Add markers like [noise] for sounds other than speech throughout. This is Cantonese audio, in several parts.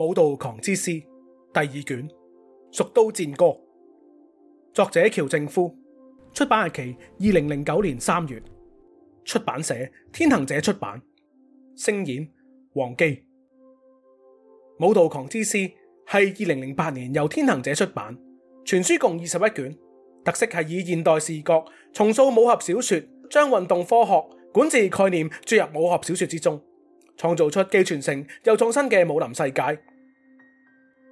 《武道狂之詩》第二卷《蜀都戰歌》，作者喬靖夫，出版日期二零零九年三月，出版社天行者出版。聲演王基。《武道狂之詩》係二零零八年由天行者出版，全書共二十一卷，特色係以現代視覺重塑武俠小說，將運動科學、管治概念注入武俠小說之中，創造出既傳承又創新嘅武林世界。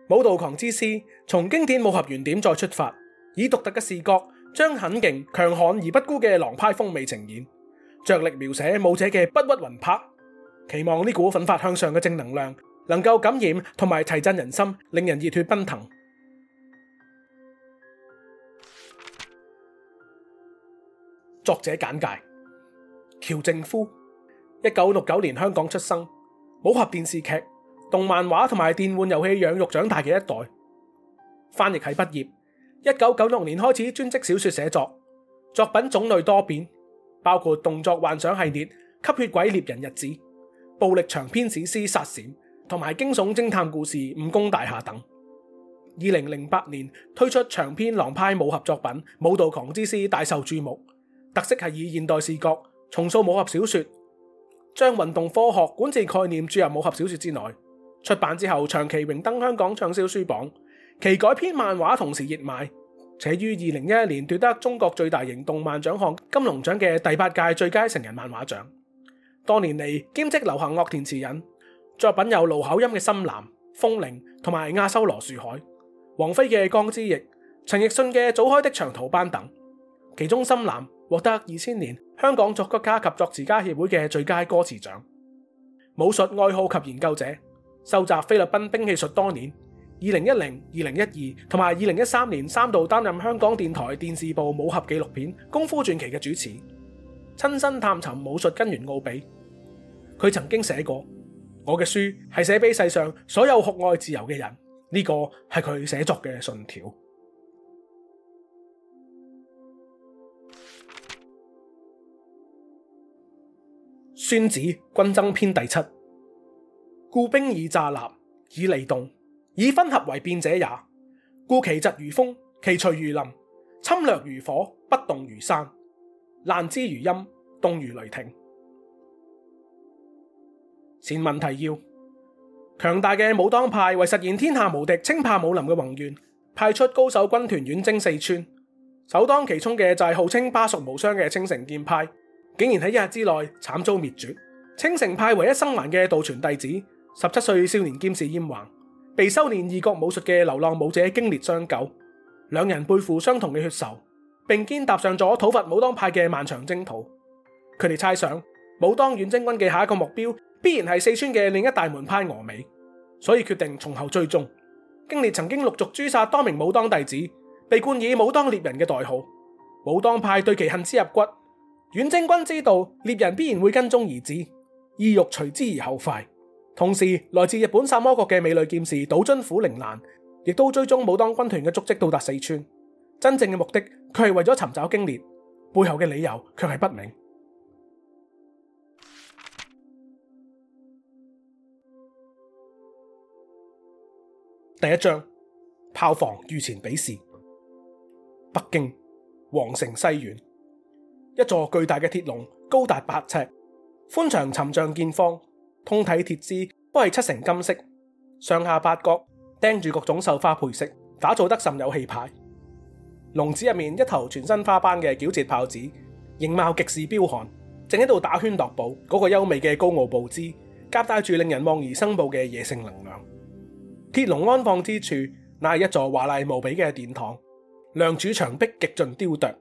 武道狂之詩從經典武俠原點再出發，以獨特嘅視角，將狠勁、強悍而不孤嘅狼派風味呈現，着力描寫武者嘅不屈魂魄，魄，期望呢股奮發向上嘅正能量能夠感染同埋提振人心，令人熱血奔騰。 [music] 作者簡介：喬靖夫，一九六九年香港出生，武俠電視劇。動漫畫同埋電玩遊戲養育長大嘅一代，翻譯系畢業，一九九六年開始專職小說寫作，作品種類多變，包括動作幻想系列《吸血鬼獵人日子》，暴力長篇史詩《殺禪》，同埋驚悚偵探故事《誤宮大廈》等。二零零八年推出長篇狼派武俠作品《武道狂之詩》，大受注目，特色係以現代視角重塑武俠小說，將運動科學管治概念注入武俠小說之內。出版之後，長期榮登香港暢銷書榜，其改編漫畫同時熱賣，且於二零一一年奪得中國最大型動漫獎項金龍獎嘅第八屆最佳成人漫畫獎。多年嚟兼職流行樂填詞人，作品有盧巧音嘅《深藍》、《風鈴》同埋《亞修羅樹海》，王菲嘅《光之翼》，陳奕迅嘅《早開的長途班》等。其中《深藍》獲得二千年香港作曲家及作詞家協會嘅最佳歌詞獎。武術愛好及研究者。收集菲律賓兵器術多年，二零一零、二零一二同埋二零一三年三度擔任香港電台電視部武俠紀錄片《功夫傳奇》嘅主持，親身探尋武術根源奧秘。佢曾經寫過：我嘅書係寫俾世上所有酷愛自由嘅人，呢個係佢寫作嘅信條。《孫子·軍爭篇》第七。故兵以詐立，以利動，以分合為變者也。故其疾如風，其徐如林，侵掠如火，不動如山，難知如陰，動如雷霆。前文提要，強大嘅武當派為實現天下無敵、稱霸武林嘅宏願，派出高手軍團遠征四川。首當其衝嘅就係號稱巴蜀無雙嘅青城劍派，竟然喺一日之內慘遭滅絕。青城派唯一生還嘅道傳弟子，十七歲少年劍士燕橫，被修煉異國武術嘅流浪武者荊裂相救，兩人背負相同嘅血仇，並肩踏上咗討伐武當派嘅漫長征途。佢哋猜想，武當遠征軍嘅下一個目標必然係四川嘅另一大門派峨嵋，所以決定從後追蹤。荊裂曾經陸續誅殺多名武當弟子，被冠以武當獵人嘅代號。武當派對其恨之入骨，遠征軍知道獵人必然會跟蹤而至，意欲隨之而後快。同時，來自日本薩摩國嘅美女劍士島津虎玲蘭，亦都追蹤武當軍團嘅足跡到達四川。真正嘅目的，佢係為咗尋找荊裂，背後嘅理由卻係不明。第一章：炮房御前比試。北京皇城西苑，一座巨大嘅鐵籠，高達八尺，寬長尋丈見方。通體鐵枝，都係七成金色，上下八角釘住各種繡花配飾，打造得甚有氣派。籠子入面一頭全身花斑嘅矯捷豹子，形貌極是彪悍，正喺度打圈踱步，嗰、那個優美嘅高傲步姿，夾帶住令人望而生怖嘅野性能量。鐵籠安放之處，乃係一座華麗無比嘅殿堂，梁柱牆壁極盡雕琢，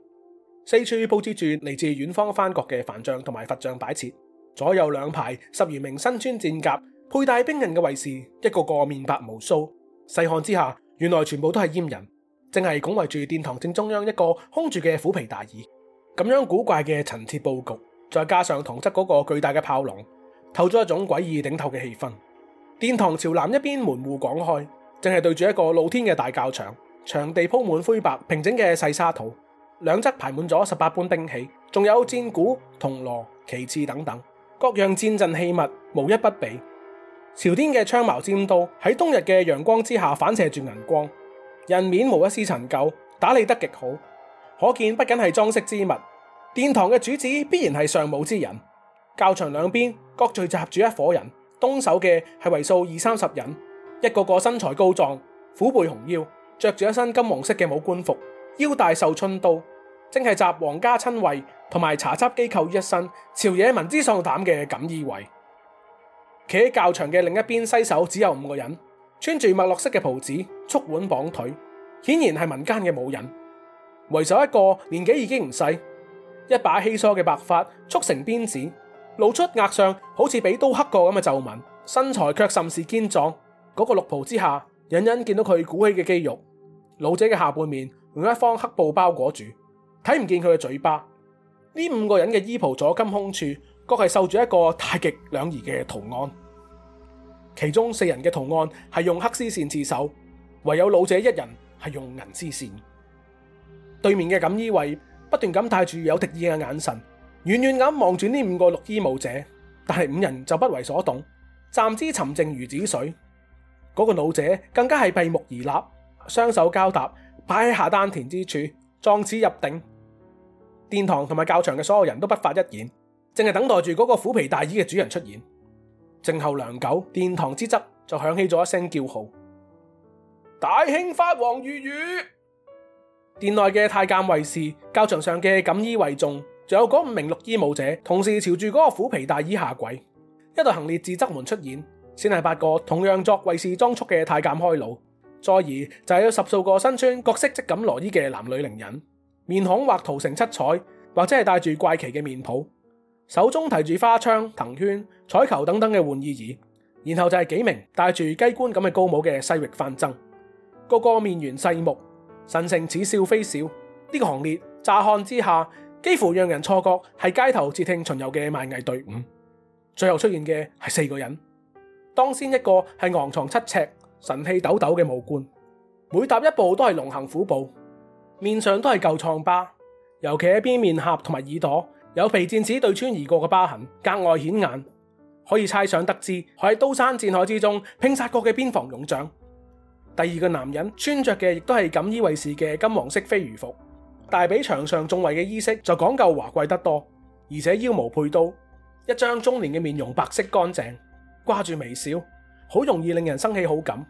四處布置住嚟自遠方藩國嘅梵像同埋佛像擺設。左右兩排十餘名身穿戰甲、佩戴兵刃嘅衛士，一個個面白無鬚，細看之下，原來全部都係閹人，正係拱圍住殿堂正中央一個空住嘅虎皮大椅。咁樣古怪嘅陳設布局，再加上堂側嗰個巨大嘅炮籠，透咗一種詭異頂透嘅氣氛。殿堂朝南一邊門戶廣開，正係對住一個露天嘅大教場，場地鋪滿灰白平整嘅細沙土，兩側排滿咗十八般兵器，仲有戰鼓、銅鑼、鑼、旗幟等等。各樣戰陣器物無一不比，朝天嘅槍矛尖刀喺冬日嘅陽光之下反射住銀光，人面無一絲塵垢，打理得極好，可見不僅係裝飾之物，殿堂嘅主子必然係上武之人。教場兩邊各聚集住一伙人，東手嘅係為數二三十人，一個個身材高壯，虎背熊腰，着住一身金黃色嘅武官服，腰帶繡春刀。正係集皇家親衛同埋查緝機構於一身，朝野聞之喪膽嘅錦衣衛。企喺較場嘅另一邊西首，只有五個人穿住墨綠色嘅袍子，束腕綁腿，顯然係民間嘅武人。為首一個年紀已經唔細，一把稀疏嘅白髮束成辮子，露出額上好似俾刀刻過咁嘅皺紋，身材卻甚是健壯。嗰、那個綠袍之下，隱隱見到佢鼓起嘅肌肉。老者嘅下半面用一方黑布包裹住。睇唔見佢嘅嘴巴，呢五個人嘅衣袍左襟胸處，各係繡住一個太極兩儀嘅圖案。其中四人嘅圖案係用黑絲線刺繡，唯有老者一人係用銀絲線。對面嘅錦衣衛不斷咁帶住有敵意嘅眼神，遠遠咁望住呢五個綠衣武者，但係五人就不為所動，站姿沉靜如止水。嗰個老者更加係閉目而立，雙手交搭，擺喺下丹田之處，狀似入定。殿堂同埋教場嘅所有人都不發一言，淨係等待住嗰個虎皮大衣嘅主人出現。靜候良久，殿堂之側就響起咗一聲叫號：大興發王御宇。殿內嘅太監衛士、教場上嘅錦衣衛眾，仲有嗰五名綠衣武者，同時朝住嗰個虎皮大衣下跪。一度行列自側門出現，先係八個同樣作衛士裝束嘅太監開路，再而就係有十數個身穿各式織錦羅衣嘅男女伶人。面孔畫塗成七彩，或者係戴住怪奇嘅面譜，手中提住花槍、藤圈、彩球等等嘅玩意兒，然後就係幾名戴住雞冠咁嘅高帽嘅西域范增，個個面圓細目，神情似笑非笑，呢、這個行列乍看之下，幾乎讓人錯覺係街頭接聽巡遊嘅賣藝隊伍。最後出現嘅係四個人，當先一個係昂藏七尺、神氣抖抖嘅武官，每踏一步都係龍行虎步。面上都係舊創疤，尤其喺邊面頰同埋耳朵有皮箭矢對穿而過嘅疤痕，格外顯眼。可以猜想得知，佢喺刀山劍海之中拼殺過嘅邊防勇將。第二個男人穿着嘅亦都係錦衣衛士嘅金黃色飛魚服，但係比牆上眾位嘅衣飾就講究華貴得多，而且腰無佩刀。一張中年嘅面容白色乾淨，掛住微笑，好容易令人生起好感。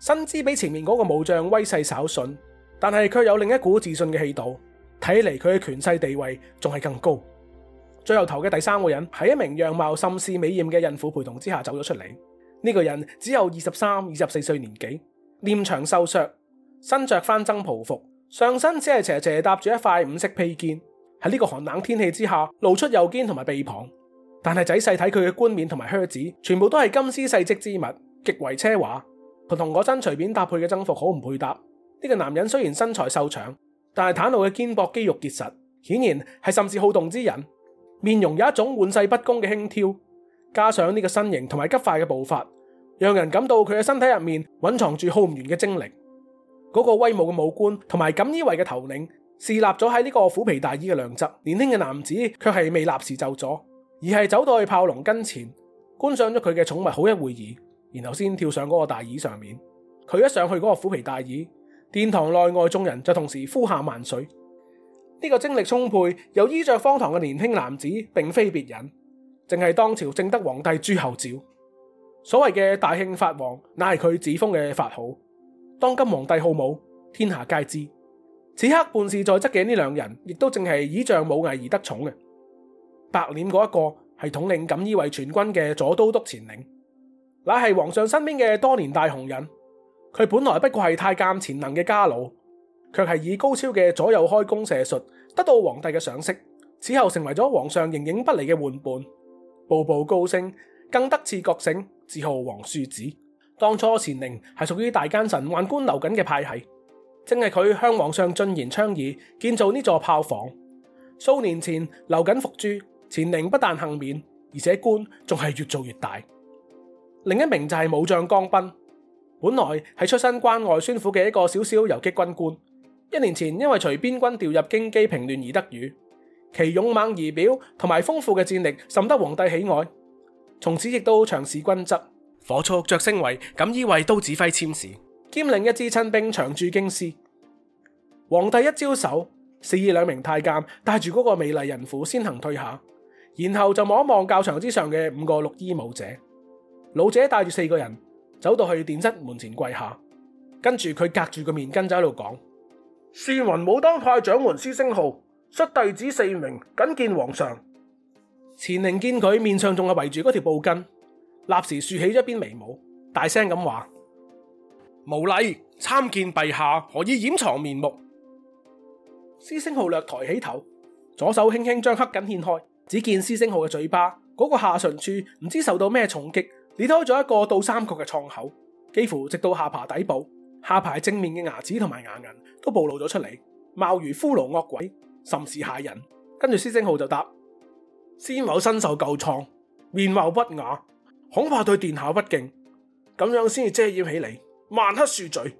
身姿比前面嗰個武將威勢稍遜。但係佢有另一股自信嘅氣度，睇嚟佢嘅權勢地位仲係更高。最後頭嘅第三個人係一名樣貌甚是美艷嘅孕婦陪同之下走咗出嚟。呢、這個人只有二十三、二十四歲年紀，臉長瘦削，身着番僧袍服，上身只係斜斜搭住一塊五色披肩。喺呢個寒冷天氣之下，露出右肩同埋臂膀。但係仔細睇佢嘅冠冕同埋靴子，全部都係金絲細織之物，極為奢華，同同嗰身隨便搭配嘅僧服好唔配搭。呢個男人雖然身材瘦長，但係袒露嘅肩膊肌肉結實，顯然係甚至好動之人。面容有一種玩世不恭嘅輕佻，加上呢個身形同埋急快嘅步伐，讓人感到佢嘅身體入面蘊藏住好唔完嘅精力。嗰、那個威武嘅武官同埋錦衣衛嘅頭領侍立咗喺呢個虎皮大椅嘅兩側，年輕嘅男子卻係未立時就咗，而係走到去豹籠跟前，觀賞咗佢嘅寵物好一會兒，然後先跳上嗰個大椅上面。佢一上去嗰個虎皮大椅。殿堂內外眾人就同時呼喊萬歲！呢、這個精力充沛又衣着荒唐嘅年輕男子，並非別人，正係當朝正德皇帝朱厚照。所謂嘅大慶法王，乃係佢自封嘅法號。當今皇帝好武，天下皆知。此刻半事在側嘅呢兩人，亦都正係倚仗武藝而得寵嘅。白臉嗰一個係統領錦衣衛全軍嘅左都督錢寧，乃係皇上身邊嘅多年大紅人。佢本來不過係太監錢能嘅家奴，卻係以高超嘅左右開弓射術得到皇帝嘅賞識，此後成為咗皇上形影不離嘅玩伴，步步高升，更得賜國姓，自號皇庶子。當初錢寧係屬於大奸臣宦官劉瑾嘅派系，正係佢向皇上進言倡議建造呢座豹房。數年前劉瑾伏誅，錢寧不但幸免，而且官仲係越做越大。另一名就係武將江彬。本來係出身關外宣府嘅一個小小游擊軍官，一年前因為隨邊軍調入京畿平亂而得遇，其勇猛儀表同埋豐富嘅戰力，甚得皇帝喜愛。從此亦都長侍軍則，火速擢升為錦衣衛都指揮佥事，兼領一支親兵，長駐京師。皇帝一招手，示意兩名太監帶住嗰個美麗人婦先行退下，然後就望一望教場之上嘅五個綠衣武者，老者帶住四個人。走到去殿側門前跪下，跟住佢隔住個面巾就喺度講：善雲武當派掌門師星號，率弟子四名，謹見皇上。錢寧見佢面上仲係圍住嗰條布巾，立時豎起一邊眉毛，大聲咁話：無禮，參見陛下，何以掩藏面目？師星號略抬起頭，左手輕輕將黑巾掀開，只見師星號嘅嘴巴嗰個下唇處唔知受到咩重擊。你裂開咗一個倒三角嘅創口，幾乎直到下巴底部，下排正面嘅牙齒同埋牙齦都暴露咗出嚟，貌如骷髏惡鬼，甚是嚇人。跟住施正浩就答：施某身受舊創，面貌不雅，恐怕對殿下不敬，咁樣先至遮掩起嚟，萬乞恕罪。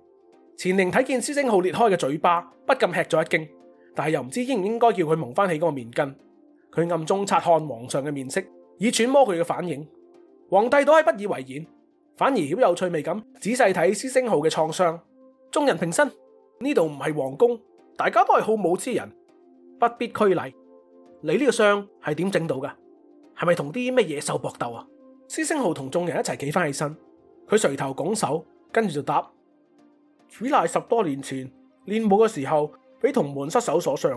錢寧睇見施正浩裂開嘅嘴巴，不禁吃咗一驚，但係又唔知應唔應該叫佢蒙翻起嗰個面巾。佢暗中察看皇上嘅面色，以揣摩佢嘅反應。皇帝都係不以為然，反而饒有趣味咁仔細睇施星號嘅創傷。眾人平身，呢度唔係皇宮，大家都係好武之人，不必拘禮。你呢個傷係點整到噶？係咪同啲咩野獸搏鬥啊？施星號同眾人一齊企返起身，佢垂頭拱手，跟住就答：主乃十多年前練武嘅時候，俾同門失手所傷。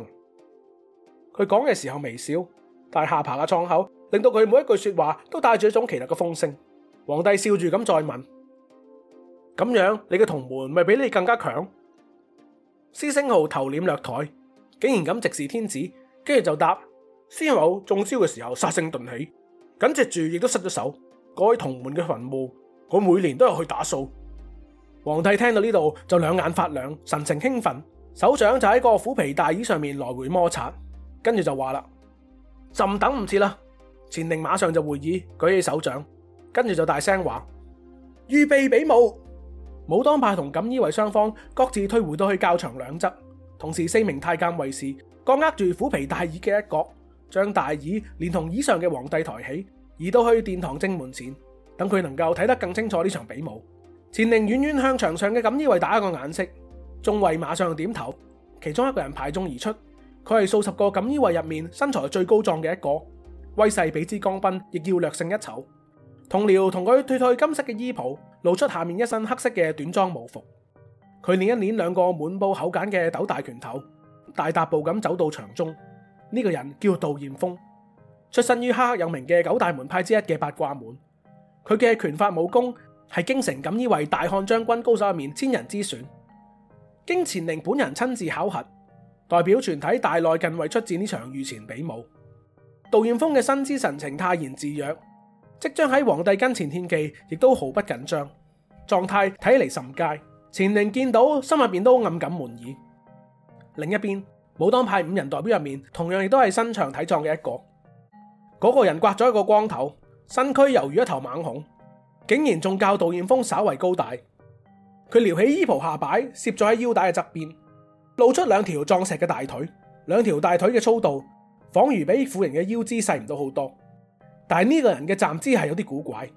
佢講嘅時候微笑，但係下巴嘅創口，令到佢每一句說話都帶住一種奇特嘅風聲。皇帝笑住咁再問：咁樣，你嘅同門咪比你更加強？施星號頭臉略抬，竟然咁直視天子，跟住就答：施某中招嘅時候殺聲頓起，緊接住亦都失咗手。嗰位同門嘅墳墓，我每年都有去打掃。皇帝聽到呢度就兩眼發亮，神情興奮，手掌就喺個虎皮大椅上面來回摩擦，跟住就話啦：朕不等唔切啦！錢寧馬上就會意，舉起手掌，跟住就大聲話：預備比武。武當派同錦衣衛雙方各自退回到去教場兩側，同時四名太監衛士各握住虎皮大椅嘅一角，將大椅連同椅上嘅皇帝抬起，移到去殿堂正門前，等佢能夠睇得更清楚呢場比武。錢寧遠遠向場上嘅錦衣衛打一個眼色，眾衛馬上就點頭。其中一個人排眾而出，佢係數十個錦衣衛入面身材最高壯嘅一個。威勢比之江斌，亦要略勝一籌。同僚同佢脱去金色嘅衣袍，露出下面一身黑色嘅短裝武服。佢捻一捻兩個滿布口繭嘅斗大拳頭，大踏步咁走到場中。呢、呢個人叫杜彥峰，出身於赫赫有名嘅九大門派之一嘅八卦門。佢嘅拳法武功係京城錦衣衛大漢將軍高手入面千人之選。經前令本人親自考核，代表全體大內近衛出戰呢場御前比武。杜豔峰嘅身姿神情泰然自若，即將喺皇帝跟前獻技，亦都毫不緊張，狀態睇嚟甚佳。錢寧見到心入邊都暗感滿意。另一邊，武當派五人代表入面，同樣亦都係身長體壯嘅一個。嗰、那個人刮咗一個光頭，身軀猶如一頭猛熊，竟然仲教杜豔峰稍為高大。佢撩起衣袍下擺，攝咗喺腰帶嘅側邊，露出兩條壯碩嘅大腿，兩條大腿嘅粗度。仿如比婦人嘅腰肢細唔到好多，但係呢個人嘅站姿係有啲古怪，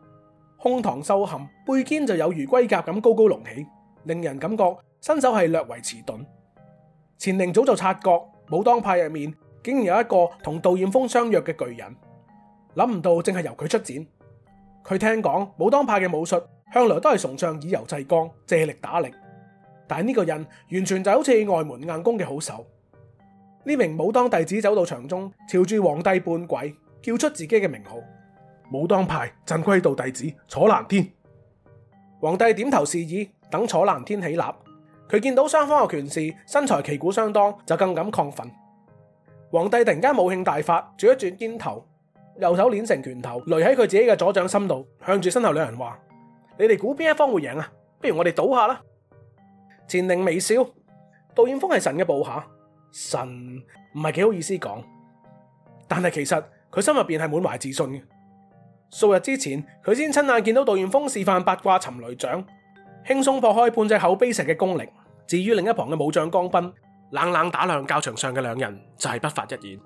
胸膛收陷，背肩就有如龜甲咁高高隆起，令人感覺身手係略為遲鈍。錢寧早就察覺武當派入面竟然有一個同杜艷峰相約嘅巨人，諗唔到正係由佢出戰。佢聽講武當派嘅武術向來都係崇尚以柔制剛，借力打力，但係呢個人完全就好似外門硬功嘅好手。呢名武當弟子走到場中，朝住皇帝半跪，叫出自己嘅名號：武當派鎮圭道弟子楚藍天。皇帝點頭示意，等楚藍天起立。佢見到雙方嘅拳士身材旗鼓相當，就更感亢奮。皇帝突然間武興大發，轉一轉肩頭，右手捏成拳頭，擂喺佢自己嘅左掌心度，向住身後兩人話：你哋估邊一方會贏啊？不如我哋賭下啦！錢寧微笑，杜艷峰係神嘅部下。神唔係幾好意思講，但係其實佢心入邊係滿懷自信嘅。數日之前，佢先親眼見到杜元峰示範八卦尋雷掌，輕鬆破開半隻口碑石嘅功力。至於另一旁嘅武將江斌，冷冷打量教場上嘅兩人就，就係不發一言。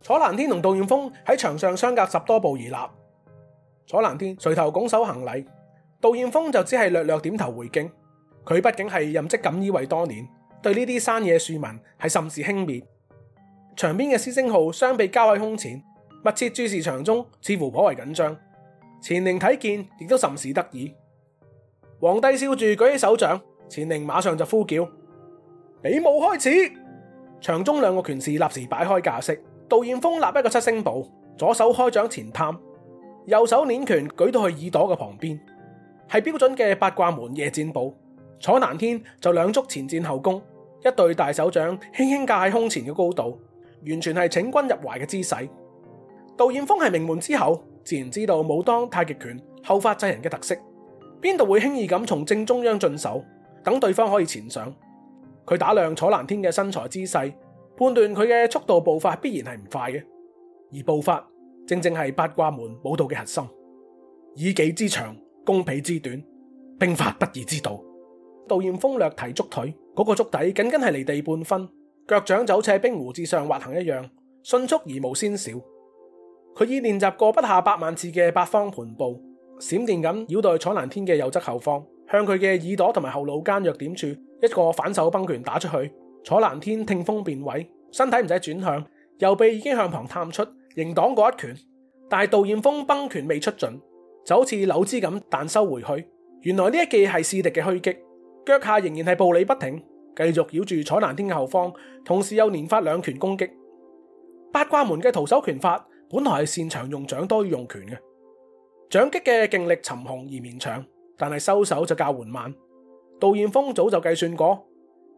楚蘭天同杜元峰喺場上相隔十多步而立，楚蘭天垂頭拱手行禮，杜元峰就只係略略點頭回敬。佢畢竟係任職錦衣衛多年。對呢啲山野庶民係甚是輕蔑。場邊嘅師星號雙臂交喺胸前，密切注視場中，似乎頗為緊張。錢寧睇見亦都甚是得意。皇帝笑住舉起手掌，錢寧馬上就呼叫：比武開始！場中兩個拳士立時擺開架式。杜艷峰立一個七星步，左手開掌前探，右手捻拳舉到去耳朵嘅旁邊，係標準嘅八卦門夜戰步。楚南天就兩足前戰後攻。一對大手掌輕輕架喺胸前嘅高度，完全係請君入懷嘅姿勢。杜艷峰係名門之後，自然知道武當太極拳後發制人嘅特色，邊度會輕易咁從正中央進手，等對方可以前上。佢打量楚藍天嘅身材姿勢，判斷佢嘅速度步伐必然係唔快嘅，而步伐正正係八卦門武道嘅核心。以己之長，攻彼之短，兵法不易之道。杜艷峰略提足腿。嗰個足底僅僅係離地半分，腳掌就似喺冰湖之上滑行一樣，迅速而無先兆。佢已練習過不下百萬次嘅八方盤步，閃電咁繞到楚南天嘅右側後方，向佢嘅耳朵同埋後腦間弱點處一個反手崩拳打出去。楚南天聽風變位，身體唔使轉向，右臂已經向旁探出，迎擋過一拳。但係杜艷峰崩拳未出盡，就好似柳枝咁彈收回去。原來呢一記係試敵嘅虛擊。腳下仍然係步履不停，繼續繞住楚南天嘅後方，同時又連發兩拳攻擊。八卦門嘅徒手拳法本來係擅長用掌多用拳嘅，掌擊嘅勁力沉雄而綿長，但係收手就較緩慢。杜燕峰早就計算過，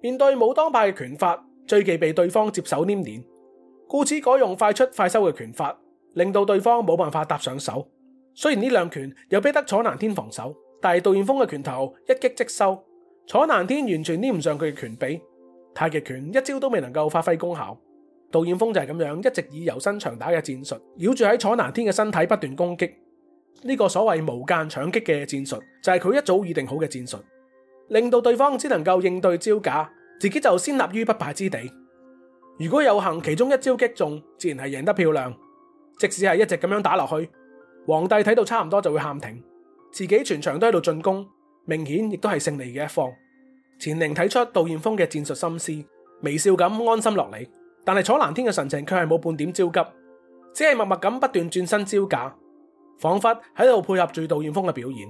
面對武當派嘅拳法，最忌被對方接手黏連，故此改用快出快收嘅拳法，令到對方冇辦法搭上手。雖然呢兩拳又逼得楚南天防守，但係杜燕峰嘅拳頭一擊即收。楚南天完全黏唔上佢嘅拳臂，太極拳，一招都未能夠發揮功效。杜燕峰就係咁樣，一直以游身長打嘅戰術繞住喺楚南天嘅身體不斷攻擊。呢、這個所謂無間搶擊嘅戰術就係、是、佢一早已定好嘅戰術，令到對方只能夠應對招架，自己就先立於不敗之地。如果有幸其中一招擊中，自然係贏得漂亮。即使係一直咁樣打落去，皇帝睇到差唔多就會喊停，自己全場都喺度進攻。明顯亦都係勝利嘅一方，錢寧睇出杜艷峰嘅戰術心思，微笑咁安心落嚟。但係楚藍天嘅神情卻係冇半點焦急，只係默默咁不斷轉身招架，仿佛喺度配合住杜艷峰嘅表演。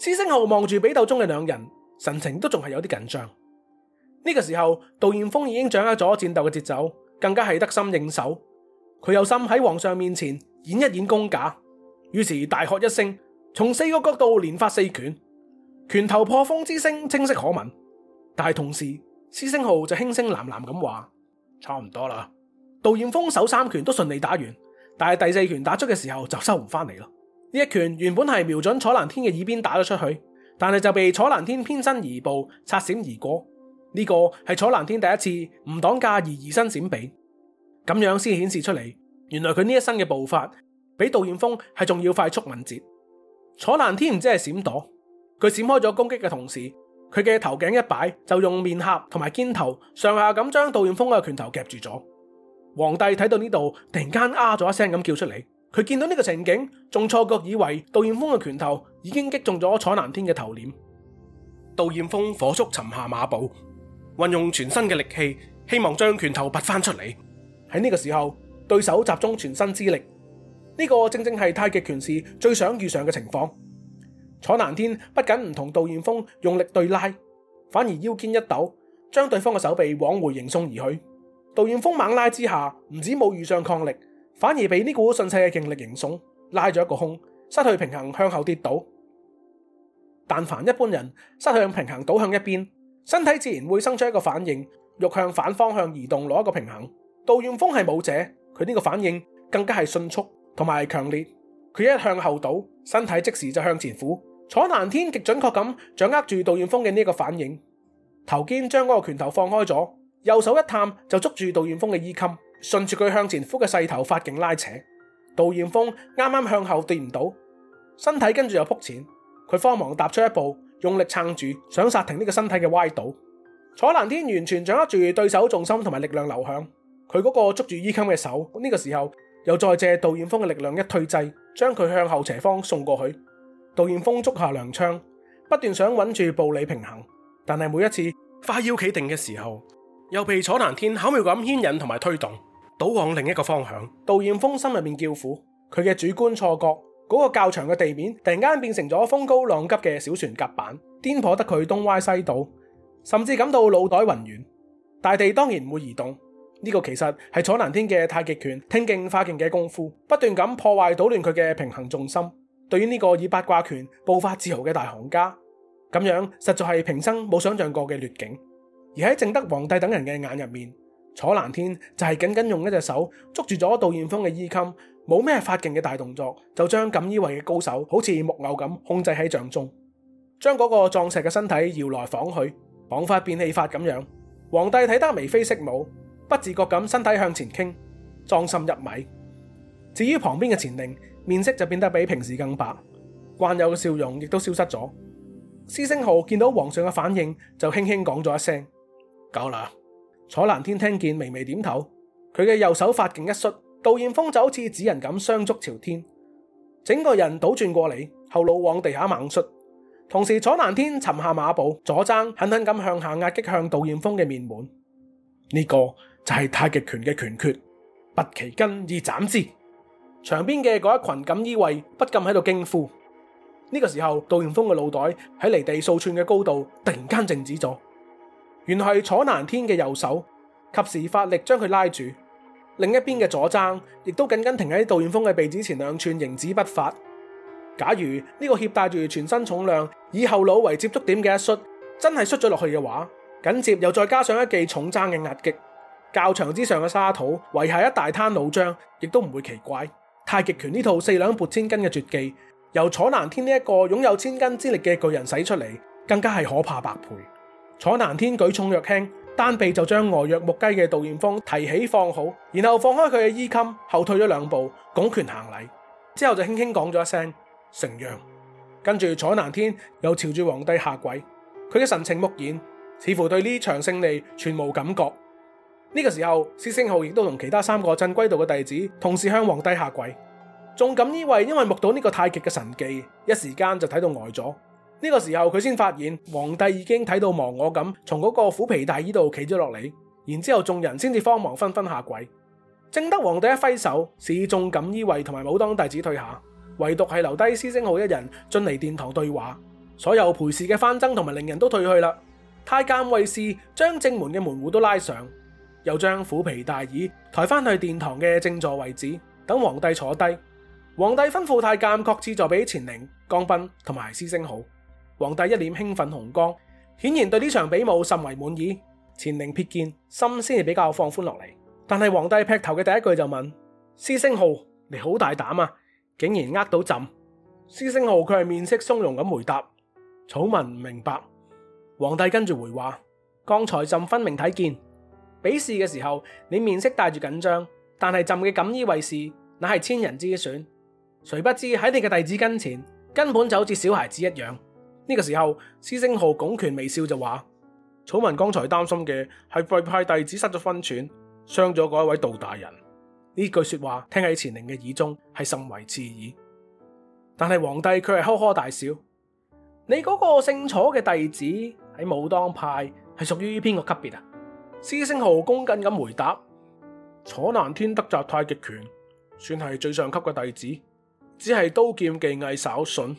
施星浩望住比鬥中嘅兩人，神情都仲係有啲緊張。呢個時候，杜艷峰已經掌握咗戰鬥嘅節奏，更加係得心應手。佢有心喺皇上面前演一演功架，於是大喝一聲，從四個角度連發四拳。拳頭破風之聲清晰可聞，但係同時，施星號就輕聲喃喃咁話：差唔多啦。杜艷峰首三拳都順利打完，但係第四拳打出嘅時候就收唔翻嚟咯。呢一拳原本係瞄準楚藍天嘅耳邊打咗出去，但係就被楚藍天偏身移步，擦閃而過。呢、這個係楚藍天第一次唔擋架而移身閃避，咁樣先顯示出嚟。原來佢呢一身嘅步伐比杜艷峰係仲要快速敏捷。楚藍天唔只係閃躲。佢閃開咗攻擊嘅同時，佢嘅頭頸一擺，就用面頰同埋肩頭上下咁將杜燕峰嘅拳頭夾住咗。皇帝睇到呢度，突然間啊咗一聲咁叫出嚟。佢見到呢個情景，仲錯覺以為杜燕峰嘅拳頭已經擊中咗楚南天嘅頭臉。杜燕峰火速沉下馬步，運用全身嘅力氣，希望將拳頭拔翻出嚟。喺呢個時候，對手集中全身之力，呢個正正係太極拳士最想遇上嘅情況。楚南天不僅唔同杜艷峰用力對拉，反而腰肩一抖，將對方嘅手臂往回迎送而去。杜艷峰猛拉之下，唔止冇遇上抗力，反而被呢股順勢嘅勁力迎送，拉咗一個空，失去平衡向後跌倒。但凡一般人失去平衡倒向一邊，身體自然會生出一個反應，欲向反方向移動攞一個平衡。杜艷峰係武者，佢呢個反應更加係迅速同埋強烈。佢一向後倒，身體即時就向前俯。楚南天極準確咁掌握住杜艷峰嘅呢個反應，頭肩將嗰個拳頭放開咗，右手一探就捉住杜艷峰嘅衣襟，順住佢向前撲嘅勢頭發勁拉扯。杜艷峰啱啱向後跌唔到，身體跟住又撲前，佢慌忙踏出一步，用力撐住想剎停呢個身體嘅歪倒。楚南天完全掌握住對手重心同埋力量流向，佢嗰個捉住衣襟嘅手呢個時候又再借杜艷峰嘅力量一退制，將佢向後斜方送過去。杜燕峰捉下梁槍，不斷想穩住步履平衡，但係每一次快要企定嘅時候，又被楚南天巧妙咁牽引同埋推動，倒往另一個方向。杜燕峰心入面叫苦，佢嘅主觀錯覺，嗰、那個較長嘅地面突然間變成咗風高浪急嘅小船甲板，顛簸得佢東歪西倒，甚至感到腦袋暈眩。大地當然唔會移動，呢、這個其實係楚南天嘅太極拳聽勁化勁嘅功夫，不斷咁破壞搗亂佢嘅平衡重心。對於呢個以八卦拳步法自豪嘅大行家，咁樣實在係平生冇想象過嘅劣境。而喺正德皇帝等人嘅眼入面，楚蘭天就係僅僅用一隻手捉住咗杜彥峰嘅衣襟，冇咩發勁嘅大動作，就將錦衣衛嘅高手好似木偶咁控制喺掌中，將嗰個壯碩嘅身體搖來晃去，仿佛變戲法咁樣。皇帝睇得眉飛色舞，不自覺咁身體向前傾，專心入迷。至於旁邊嘅錢寧，面色就變得比平時更白，慣有嘅笑容亦都消失咗。施星豪見到皇上嘅反應，就輕輕講咗一聲：夠啦了！楚蘭天聽見，微微點頭。佢嘅右手發勁一摔，杜艷峰就好似紙人咁雙足朝天，整個人倒轉過嚟，後腦往地下猛摔。同時，楚蘭天沉下馬步，左踭狠狠咁向下壓擊向杜艷峰嘅面門。呢個就係太極拳嘅拳訣：拔其根而斬之。場邊嘅嗰一群錦衣衛不禁喺度驚呼。呢個時候，杜元峰嘅腦袋喺離地數寸嘅高度突然間靜止咗。原係楚南天嘅右手及時發力，將佢拉住，另一邊嘅左踭亦都緊緊停喺杜元峰嘅鼻子前兩寸，凝止不發。假如呢個攜帶住全身重量以後腦為接觸點嘅一摔真係摔咗落去嘅話，緊接又再加上一記重踭嘅壓擊，較場之上嘅沙土遺下一大灘腦漿，亦都唔會奇怪。太極拳呢套四兩撥千斤嘅絕技，由楚南天呢一個擁有千斤之力嘅巨人使出嚟，更加係可怕百倍。楚南天舉重若輕，單臂就將呆若木雞嘅杜彥峰提起放好，然後放開佢嘅衣襟，後退咗兩步拱拳行禮，之後就輕輕講咗一聲承讓，跟住楚南天又朝住皇帝下跪，佢嘅神情木然，似乎對呢場勝利全無感覺。呢個時候，施星浩亦都同其他三個鎮圭道嘅弟子同時向皇帝下跪。仲錦衣衛因為目睹呢個太極嘅神技，一時間就睇到呆咗。呢、這個時候佢先發現皇帝已經睇到忘我咁，從嗰個虎皮大衣度企咗落嚟，然之後眾人先至慌忙紛紛下跪。正德皇帝一揮手，示眾錦衣衛同埋武當弟子退下，唯獨係留低施星浩一人進嚟殿堂對話。所有陪侍嘅番僧同埋令人都退去啦，太監衛士將正門嘅門戶都拉上。又將虎皮大椅抬翻去殿堂嘅正座位置，等皇帝坐低。皇帝吩咐太監各置坐俾錢寧、江斌同埋施星號。皇帝一臉興奮紅光，顯然對呢場比武甚為滿意。錢寧瞥見，心先係比較放寬落嚟。但係皇帝劈頭嘅第一句就問：施星號，你好大膽啊！竟然呃到朕。施星號佢係面色松容咁回答：草民唔明白。皇帝跟住回話：剛才朕分明睇見。比試嘅時候，你面色帶住緊張，但係朕嘅錦衣衛士乃係千人之選，誰不知喺你嘅弟子跟前，根本就好似小孩子一樣。呢、呢個時候，師星號拱拳微笑就話：草民剛才擔心嘅係敝派弟子失咗分寸，傷咗嗰一位杜大人。呢句說話聽喺錢寧嘅耳中係甚為刺耳，但係皇帝卻係呵呵大笑。你嗰個姓楚嘅弟子喺武當派係屬於邊個級別啊？師星豪恭謹咁回答：楚南天得習太極拳，算係最上級嘅弟子，只係刀劍技藝稍遜。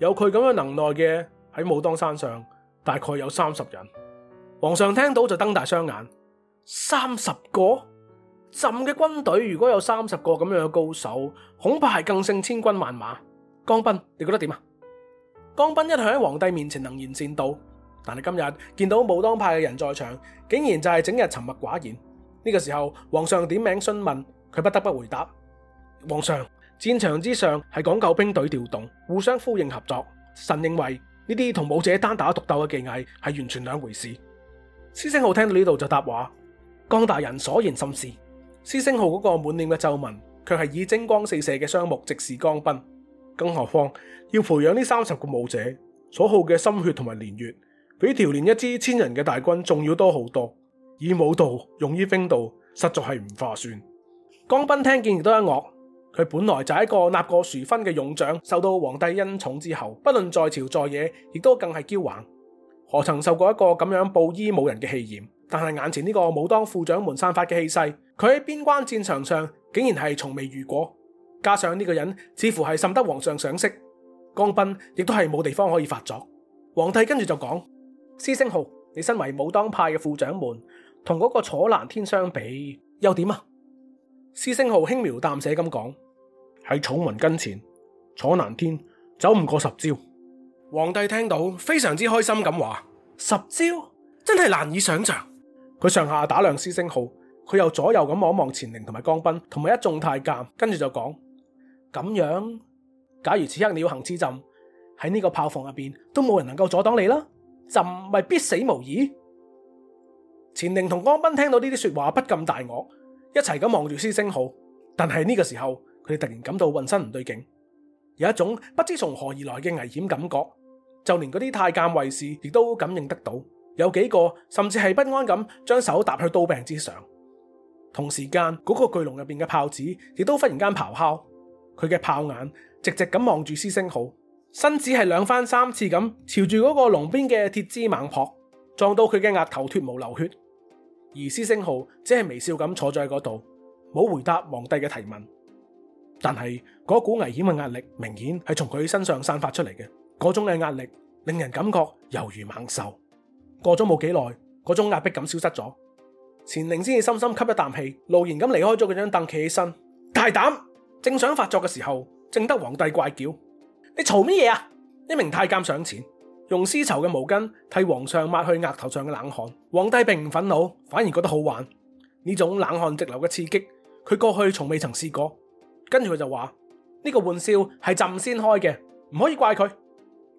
有佢咁樣能耐嘅，喺武當山上大概有三十人。皇上聽到就瞪大雙眼：三十個？朕嘅軍隊如果有三十個咁樣嘅高手，恐怕係更勝千軍萬馬。江斌，你覺得點啊？江斌一向喺皇帝面前能言善道。但係今日見到武當派嘅人在場，竟然就係整日沉默寡言。呢、這個時候皇上點名詢問，佢不得不回答。皇上，戰場之上係講究兵隊調動，互相呼應合作。臣認為呢啲同武者單打獨鬥嘅技藝係完全兩回事。施星浩聽到呢度就答話：江大人所言甚是。施星浩嗰個滿臉嘅皺紋，卻係以精光四射嘅雙目直視江斌。更何況要培養呢三十個武者，所耗嘅心血同埋年月。比調練一支千人嘅大軍仲要多好多，以武道用於兵道，實在係唔划算。江斌聽見亦都一愕，佢本來就係一個納過殊勳嘅勇將，受到皇帝恩寵之後，不論在朝在野，亦都更係驕橫，何曾受過一個咁樣布衣武人嘅氣焰？但係眼前呢個武當副掌門散發嘅氣勢，佢喺邊關戰場上竟然係從未遇過，加上呢個人似乎係甚得皇上賞識，江斌亦都係冇地方可以發作。皇帝跟住就講。司星號，你身為武當派嘅副掌門，同嗰個楚南天相比，又點啊？司星號輕描淡寫咁講：喺楚雲跟前，楚南天走唔過十招。皇帝聽到非常之開心咁話：十招真係難以想象。佢上下打量司星號，佢又左右咁望一望錢寧同埋江斌，同埋一眾太監，跟住就講：咁樣，假如此刻你要行刺朕，喺呢個炮房入邊都冇人能夠阻擋你啦。朕咪必死無疑！錢寧同江斌聽到呢啲說話不禁大愕，一齊咁望住獅星號。但係呢個時候，佢哋突然感到渾身唔對勁，有一種不知從何而來嘅危險感覺。就連嗰啲太監衛士亦都感應得到，有幾個甚至係不安咁將手搭去刀柄之上。同時間，嗰個巨龍入邊嘅豹子亦都忽然間咆哮，佢嘅豹眼直直咁望住獅星號。身子係兩番三次咁朝住嗰個籠邊嘅鐵枝猛撲，撞到佢嘅額頭脱毛流血，而獅星號只係微笑咁坐在嗰度，冇回答皇帝嘅提問。但係嗰股危險嘅壓力明顯係從佢身上散發出嚟嘅，嗰種嘅壓力令人感覺猶如猛獸。過咗冇幾耐，嗰種壓迫感消失咗，乾隆先至深深吸一啖氣，露然咁離開咗嗰張凳，企起身。大膽！正想發作嘅時候，正得皇帝怪叫。你嘈乜嘢啊？一名太監上前，用絲綢嘅毛巾替皇上抹去額頭上嘅冷汗。皇帝並唔憤怒，反而覺得好玩。呢種冷汗直流嘅刺激，佢過去從未曾試過。跟住佢就話：呢、這個玩笑係朕先開嘅，唔可以怪佢。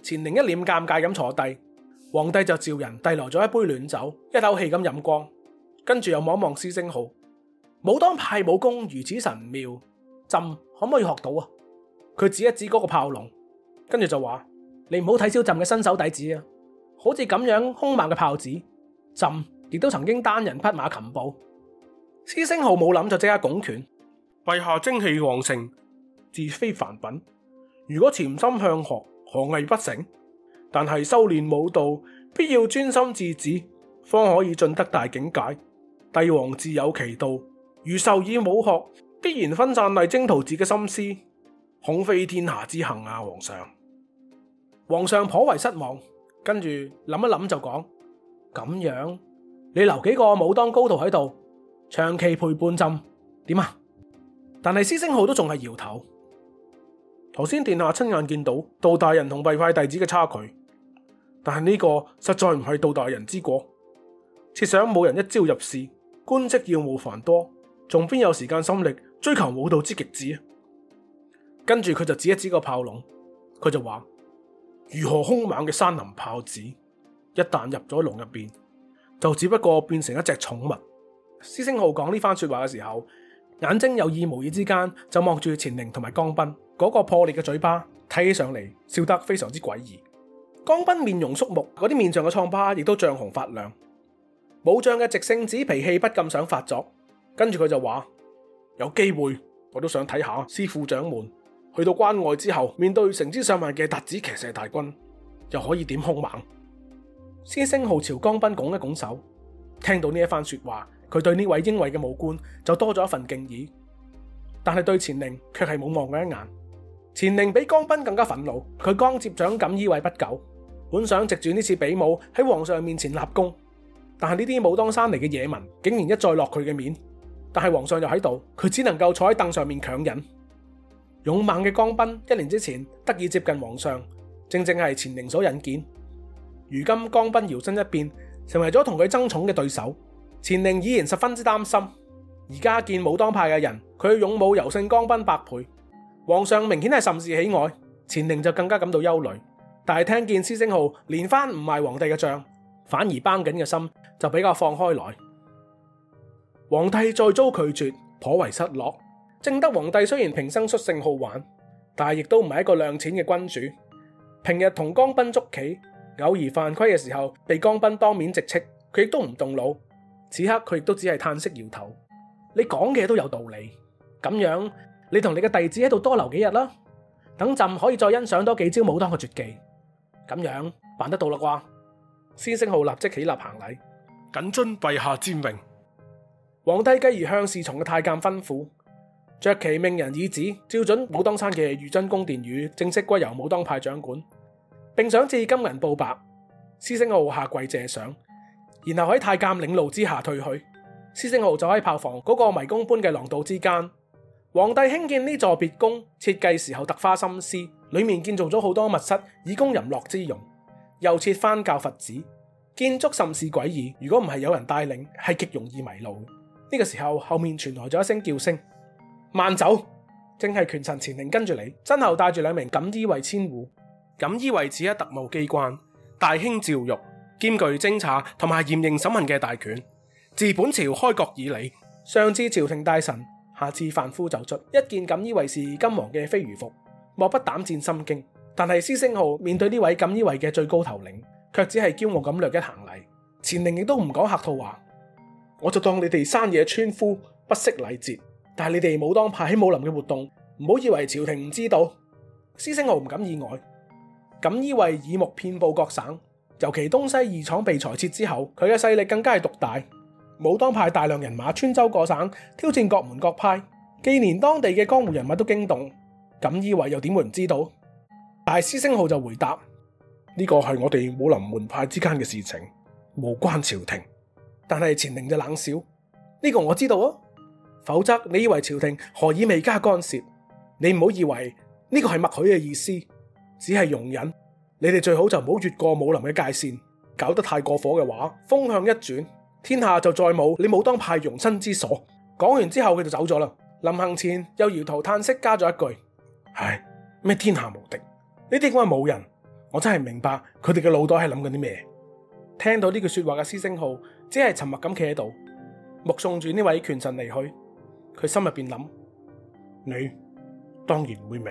錢寧一臉尷尬咁坐低，皇帝就召人遞來咗一杯暖酒，一口氣咁飲光。跟住又望一望施星號，武當派武功如此神妙，朕可唔可以學到啊？佢指一指嗰個炮龍。跟住就話：你唔好睇小朕嘅身手底子啊！好似咁樣凶猛嘅豹子，朕亦都曾經單人匹馬擒捕。施星號冇諗就即刻拱拳。陛下精氣旺盛，自非凡品。如果潛心向學，何藝不成？但係修煉武道，必要專心致志，方可以進得大境界。帝王自有其道，如授以武學，必然分散勵精圖治嘅心思，恐非天下之幸啊！皇上。皇上頗為失望，跟住諗一諗就講：咁樣，你留幾個武當高徒喺度，長期陪伴朕，點啊？但係施星號都仲係搖頭。頭先殿下親眼見到杜大人同敝派弟子嘅差距，但係呢個實在唔係杜大人之過。設想冇人一朝入仕，官職要務繁多，仲邊有時間心力追求武道之極致啊？跟住佢就指一指個炮籠，佢就話。如何兇猛嘅山林豹子，一旦入咗籠入邊，就只不過變成一隻寵物。施星浩講呢番說話嘅時候，眼睛有意無意之間就望住錢寧同埋江濱嗰個破裂嘅嘴巴，睇起上嚟笑得非常之詭異。江濱面容肅穆，嗰啲面上嘅創疤亦都漲紅發亮。武將嘅直性子脾氣不禁想發作，跟住佢就話：有機會我都想睇下師傅掌門，去到關外之後，面對成千上萬嘅韃子騎射大軍，又可以點凶猛？先生號朝江斌拱一拱手，聽到呢一番說話，佢對呢位英偉嘅武官就多咗一份敬意，但係對錢寧卻係冇望過一眼。錢寧比江斌更加憤怒，佢剛接掌錦衣衛不久，本想借住呢次比武喺皇上面前立功，但係呢啲武當山嚟嘅野民竟然一再落佢嘅面，但係皇上又喺度，佢只能夠坐喺凳上面強忍。勇猛嘅江彬一年之前得以接近皇上，正正係錢寧所引薦。如今江彬搖身一變，成為咗同佢爭寵嘅對手。錢寧已然十分之擔心。而家見武當派嘅人，佢勇武尤勝江彬百倍。皇上明顯係甚是喜愛，錢寧就更加感到憂慮。但係聽見施星號連番唔賣皇帝嘅賬，反而繃緊嘅心就比較放開來。皇帝再遭拒絕，頗為失落。正德皇帝雖然平生率性好玩，但係亦都唔係一個量錢嘅君主。平日同江彬捉棋，偶爾犯規嘅時候，被江彬當面直斥，佢亦都唔動腦。此刻佢亦都只係嘆息搖頭。你講嘅都有道理，咁樣你同你嘅弟子喺度多留幾日啦，等朕可以再欣賞多幾招武當嘅絕技。咁樣辦得到啦啩？施星號立即起立行禮，謹遵陛下之命。皇帝繼而向侍從嘅太監吩咐。着其命人以旨，照准武當山嘅御真宮殿宇正式歸由武當派掌管，並想賜金銀布帛，施星號下跪謝賞，然後喺太監領路之下退去。施星號就喺炮房嗰個迷宮般嘅廊道之間。皇帝興建呢座別宮，設計時候特花心思，裏面建造咗好多密室，以供淫樂之用，又設翻教佛寺，建築甚是詭異。如果唔係有人帶領，係極容易迷路。呢個時候，後面傳來咗一聲叫聲。.慢走，正係權臣錢寧跟住你。身後帶住兩名錦衣衛千戶。錦衣衛指一特務機關，大興詔獄，兼具偵查同埋嚴刑審問嘅大權。自本朝開國以嚟，上至朝廷大臣，下至凡夫走卒，一見錦衣衛士金黃嘅飛魚服，莫不膽戰心驚。但係施星號面對呢位錦衣衛嘅最高頭領，却只係驕傲咁略一行禮。錢寧亦都唔講客套話，我就當你哋山野村夫不識禮節。但係你哋武當派喺武林嘅活動，唔好以為朝廷唔知道。師星號唔敢意外，錦衣衛耳目遍布各省，尤其東西二廠被裁撤之後，佢嘅勢力更加係獨大。武當派大量人馬穿州各省挑戰各門各派，既連當地嘅江湖人物都驚動，錦衣衛又點會唔知道？但係師星號就回答：呢個係我哋武林門派之間嘅事情，無關朝廷。但係錢寧就冷笑：呢個我知道啊。否則你以為朝廷何以未加干涉？你唔好以為呢個係默許嘅意思，只係容忍。你哋最好就唔好越過武林嘅界線，搞得太過火嘅話，風向一轉，天下就再冇你武當派容身之所。講完之後佢就走咗啦，臨行前又搖頭嘆息，加咗一句：唉，咩天下無敵呢啲咁嘅武人，我真係明白佢哋嘅腦袋係諗緊啲咩。聽到呢句說話嘅師星號，只係沉默咁企喺度，目送住呢位權臣離去。佢心入面諗：你當然會明。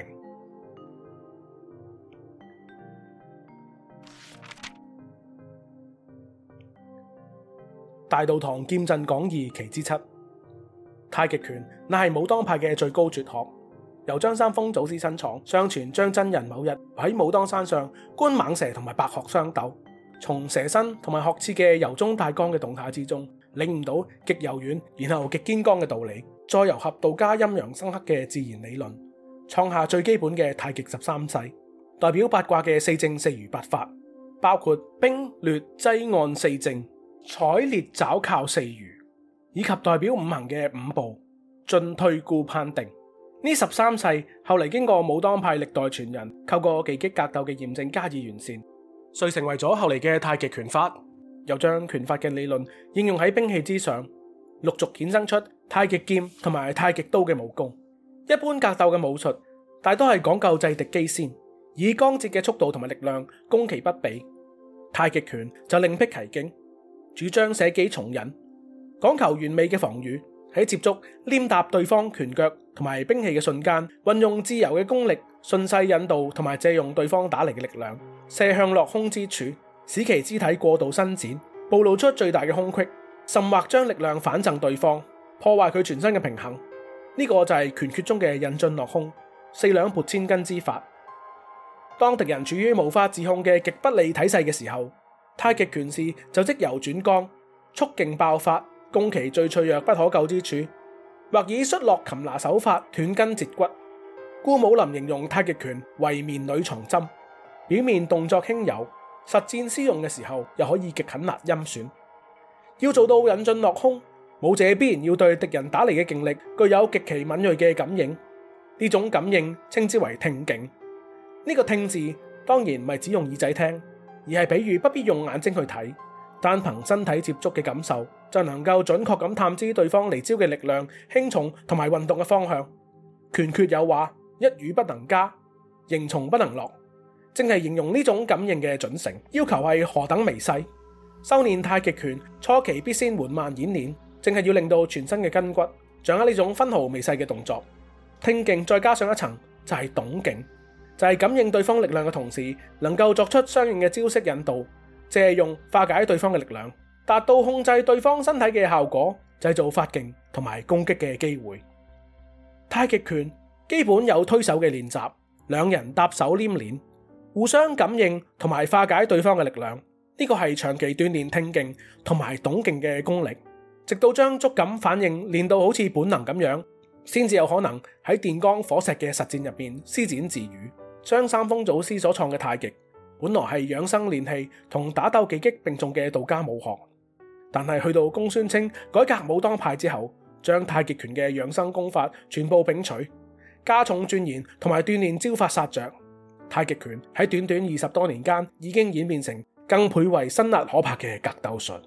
大道堂劍陣講義其之七，太極拳乃係武當派嘅最高絕學，由張三豐祖師親創。相傳張真人某日喺武當山上觀猛蛇同埋白鶴相鬥，從蛇身同埋鶴翅嘅柔中帶剛嘅動態之中，領悟到極柔軟然後極堅剛嘅道理。再由合道家陰陽深刻嘅自然理論，創下最基本嘅太極十三世，代表八卦嘅四正四如八法，包括兵略、積案四正、採列爪靠四如，以及代表五行嘅五步進退故判定。呢十三世，後嚟經過武當派歷代傳人，透個技擊格鬥嘅驗證加以完善，遂成為咗後嚟嘅太極拳法。又將拳法嘅理論應用喺兵器之上，陸續衍生出。太極劍同埋太極刀嘅武功，一般格鬥嘅武術大多係講究制敵機先，以剛捷嘅速度同埋力量攻其不備。太極拳就另闢蹊徑，主張捨己從人，講求完美嘅防禦。喺接觸黏搭對方拳腳同埋兵器嘅瞬間，運用自由嘅功力順勢引導同埋借用對方打嚟嘅力量，射向落空之處，使其肢體過度伸展，暴露出最大嘅空隙，甚或將力量反贈對方。破壞佢全身嘅平衡，呢、這個就係拳訣中嘅引進落空，四兩撥千斤之法。當敵人處於無法自控嘅極不利體勢嘅時候，太極拳士就即由轉剛，蓄勁爆發，攻其最脆弱不可救之處，或以摔落擒拿手法斷筋截骨。故武林形容太極拳為綿裡藏針，表面動作輕柔，實戰施用嘅時候又可以極狠辣陰損。要做到引進落空。武者必然要對敵人打嚟嘅勁力具有極其敏銳嘅感應，呢種感應稱之為聽勁。呢個聽字當然唔係只用耳仔聽，而係比喻不必用眼睛去睇，但憑身體接觸嘅感受就能夠準確咁探知對方嚟招嘅力量、輕重同埋運動嘅方向。拳訣有話：一語不能加，形從不能落，正係形容呢種感應嘅準繩要求係何等微細。修煉太極拳初期，必先緩慢演練。淨係要令到全身嘅筋骨掌握呢種分毫微細嘅動作，聽勁再加上一層就係懂勁，就係感應對方力量嘅同時，能夠作出相應嘅招式引導，借用化解對方嘅力量，達到控制對方身體嘅效果，製造發勁同埋攻擊嘅機會。太極拳基本有推手嘅練習，兩人搭手黏連，互相感應同埋化解對方嘅力量，呢個係長期鍛煉聽勁同埋懂勁嘅功力。直到將觸感反應練到好似本能咁樣，先至有可能喺電光火石嘅實戰入邊施展自如。張三豐祖師所創嘅太極，本來係養生練氣同打鬥技擊並重嘅道家武學，但係去到公孫清改革武當派之後，將太極拳嘅養生功法全部摒除，加重鑽研同埋鍛煉招法殺着。太極拳喺短短二十多年間，已經演變成更倍為辛辣可怕嘅格鬥術。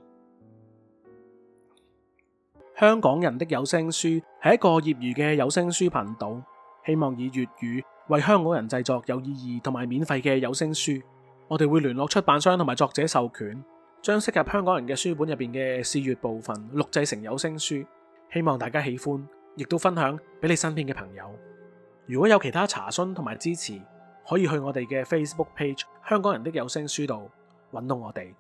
香港人的有聲書係一個業餘嘅有聲書頻道，希望以粵語為香港人製作有意義同埋免費嘅有聲書。我哋會聯絡出版商同埋作者授權，將適合香港人嘅書本入邊嘅試閱部分錄製成有聲書，希望大家喜歡，亦都分享俾你身邊嘅朋友。如果有其他查詢同埋支持，可以去我哋嘅 Facebook page《香港人的有聲書》度揾到我哋。